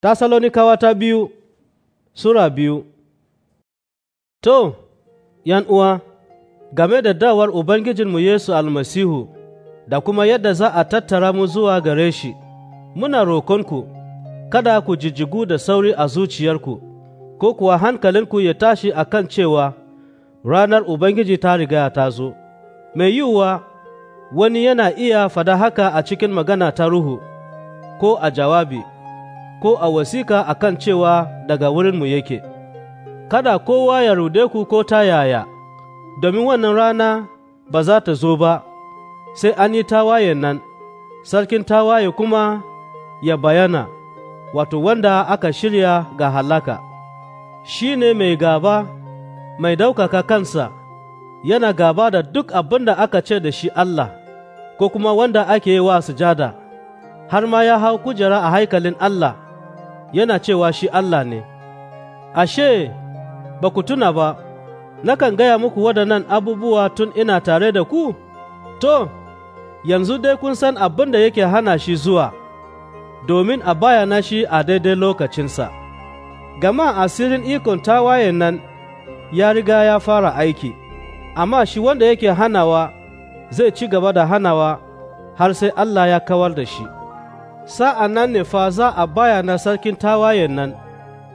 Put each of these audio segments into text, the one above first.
Tasalonika ta biyu Sura biyu To, ’yan uwa, game da dawar Ubangijinmu Yesu almasihu da kuma yadda za a tattara mu zuwa gare shi, muna rokonku, kada ku jijigu da sauri a zuciyarku, ko kuwa hankalinku ya tashi a kan cewa ranar Ubangiji ta riga ta zo. Mai yiwuwa, wani yana iya fada haka a cikin magana ta ruhu ko a jawabi. ko a wasika a kan cewa daga wurinmu yake, kada kowa ya rude ku ko ta yaya, domin wannan rana ba za ta zo ba, sai an yi tawaye nan, sarkin tawaye kuma ya bayana, wato wanda aka shirya ga halaka. Shi ne mai gaba, mai ɗaukaka kansa, yana gaba da duk abin da aka ce da shi Allah, ko kuma wanda ake yi wa sujada, har ma ya hau kujera a haikalin Allah. yana cewa shi Allah ne, ashe, ba ku tuna ba, nakan gaya muku waɗannan abubuwa tun ina tare da ku? To, yanzu dai kun san abin da yake hana shi zuwa, domin a bayana shi a daidai lokacinsa. Gama asirin ikon tawayen nan ya riga ya fara aiki, amma shi wanda yake hanawa zai ci gaba da hanawa har sai Allah ya kawar da shi. sa'an nan ne fa za a bayana sarkin tawayen nan,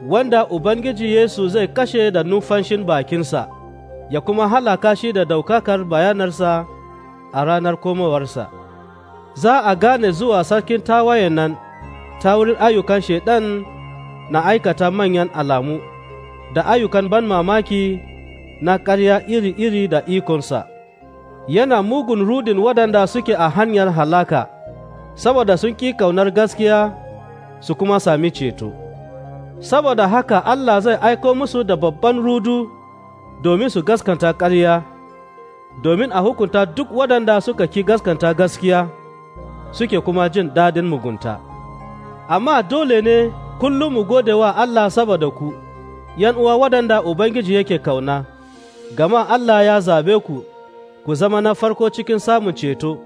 wanda Ubangiji Yesu zai kashe da numfanshin bakinsa, ya kuma halaka shi da daukakar bayanarsa a ranar komowarsa. Za a gane zuwa sarkin tawayen nan ta wurin ayyukan Shaiɗan na aikata manyan alamu, da ayyukan ban mamaki na karya iri-iri da ikonsa. Yana mugun rudin waɗanda suke a hanyar halaka. saboda sun ƙi ƙaunar gaskiya su kuma sami ceto. Saboda haka Allah zai aiko musu da babban rudu domin su gaskanta ƙarya, domin a hukunta duk waɗanda suka ki gaskanta gaskiya suke kuma jin daɗin mugunta. Amma dole ne kullum mu gode wa Allah saboda ku, ‘yan uwa waɗanda Ubangiji yake kauna, gama Allah ya zabe ku, ku zama na farko cikin samun ceto.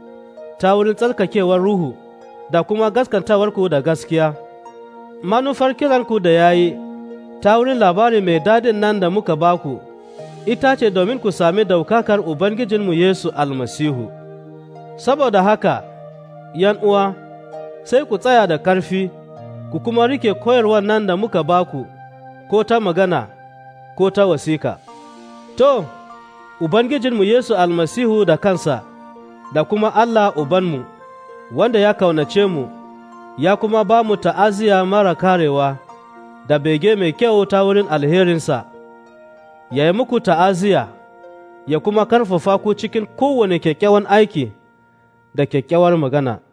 ta wurin tsarkakewar ruhu da kuma gaskantawarku da gaskiya. Manufar kiranku da ya yi ta wurin labari mai dadin nan da muka ba ku, ita ce domin ku sami daukakar Ubangijinmu Yesu almasihu. Saboda haka, yan uwa, sai ku tsaya da ƙarfi, ku kuma rike koyarwar nan da muka baku, ko ta magana, ko ta wasika. To, Ubangijinmu Yesu almasihu da kansa. da kuma Allah Ubanmu, wanda ya kaunace mu, ya kuma ba mu ta'aziya mara karewa da bege mai kyau ta wurin alherinsa, ya yi muku ta'aziya, ya kuma karfafa ku cikin kowane kyakkyawan aiki da kyakkyawar magana.